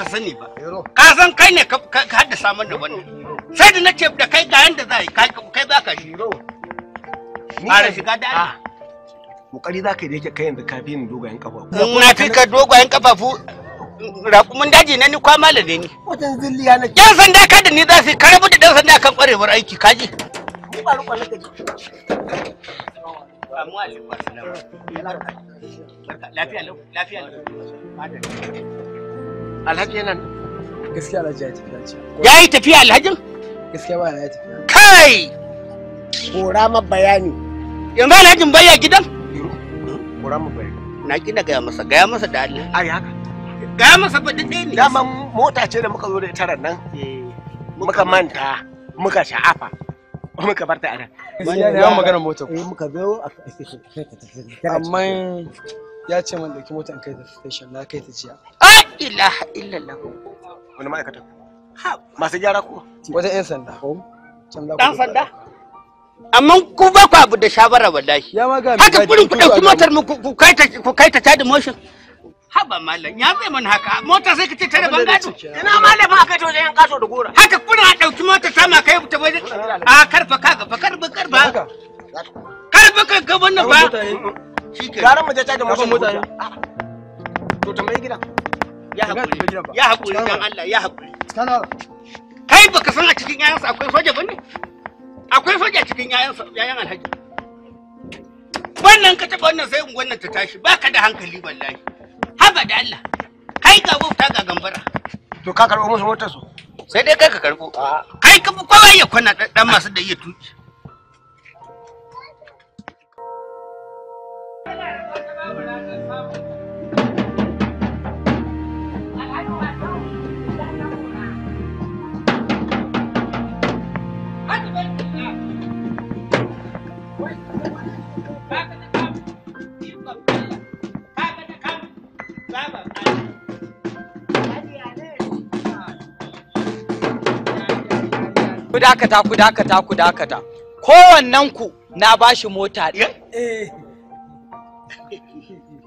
baka sani ba ka san kai ne ka haddasa mun da wannan sai da nace da kai ga yanda za kai kai baka shi ƙara shiga da ah. kokari za ka yi da kai yanzu ka fi ni dogayen kafafu na fi ka dogayen kafafu raƙumin daji na ni kwa da ni wajen zilliya na yan sanda ka da ni za su karabu da dan sanda kan kwarewar aiki kaji lafiya lau lafiya lau alhaji yana nan gaskiya alhaji ya tafiya ce ya yi tafiya alhajin gaskiya ba ya tafiya kai kora ma bayani yanzu alhajin baya gidan kora ma bayani na kina gaya masa gaya masa da Allah ai haka gaya masa ba dade ne dama mota ce da muka zo da ita ran nan eh, muka manta muka sha'afa muka bar ta a nan ya magana mota ko eh, muka zo amma ya ce man dauki mota an kai ta station na kai ta jiya ilaha illallah wani ma'aikata masu gyara ko wajen yan sanda dan sanda amma ku ba ku abu da shawara wallahi haka kurin ku dauki motar mu ku kai ta ku kai ta tada motion haba malam ya zai mana haka mota sai ka ce tare ban gado ina malam aka to yan kaso da gora haka kuna dauki mota sama kai ta waje a karfa kaga fa karfa karfa karfa kaga wannan ba shike garan mu je ta da mota ah. to tambayi gidan ya haƙuri ya haƙuri dan Allah ya haƙuri kai baka san a cikin yayansa akwai soja ba ne? akwai soja cikin yayan alhaji wannan ka taɓa wannan sai wannan ta tashi ba ka da hankali wallahi haba da Allah kai ga wauta ga gambara to ka karɓo musu motar su sai dai kai ka karɓo kai ka fi kowa ya kwana dan masu da iya tuki Thank you. ku dakata ku dakata ku dakata kowannen ku na bashi mota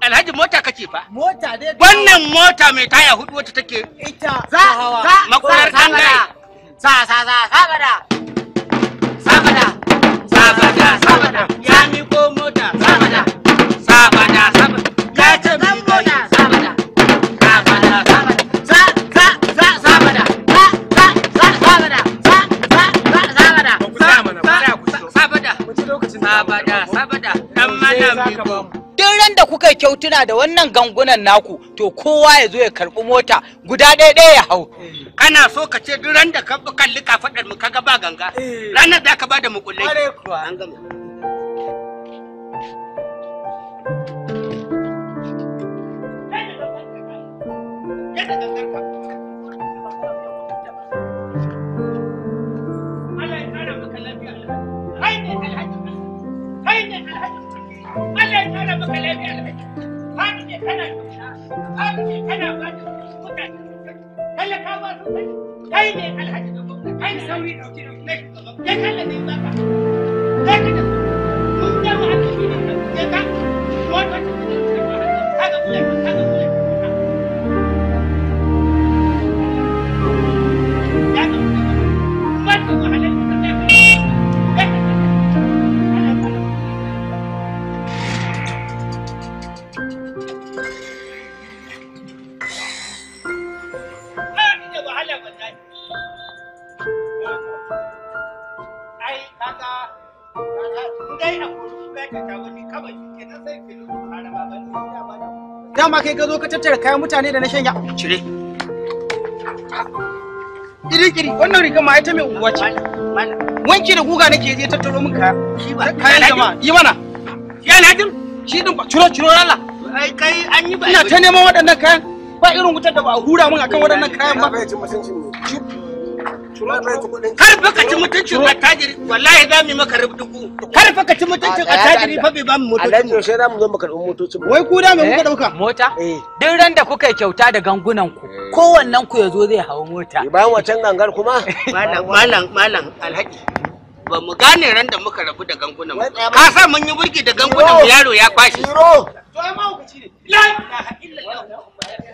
Alhaji mota kake fa? Mota dai. Wannan mota mai taya hudu wacce take. Ita. Za hawa. Makular kangare. Sa sa sa sabada. Sabada. Sabada. Sabada. duk randa da kuka kyautuna da wannan gangunan naku to kowa ya zo ya karbi mota guda ɗaya ɗaya ya hau kana so ka ce duk ran da ka kalli kafadar mu kaga ba ganga eh. ranar da ka bada mukullai kana arziki kana ya ba dama kai ka zo ka tattara kayan mutane da na shanya cire iri-iri wannan rigar ma ita mai unguwa ce wanki da guga nake je tattaro min kaya kayan jama'a yi mana ya ladin shi din ba ciro ciro lalla ai kai an yi ba ina ta neman waɗannan kayan ba irin wutar da ba a hura min akan waɗannan kayan ba kar fa ka ci mutuncin attajiri wallahi za mu yi maka rubdugu kar fa ka ci mutuncin attajiri fa bai ba mu motoci alhaji yaushe za mu zo mu karɓi motocin wai ku da me kuka dauka eh? mota eh. duk ran da kuka kyauta da gangunan ku eh. kowannen ku yazo zai hawo mota bayan wancan gangar kuma malam malam malam alhaji ba mu gane ran da muka rabu da gangunan mu. ka sa mun yi burki da gangunan mu, yaro ya kwashi to ai ma hukunci ne la ilaha illallah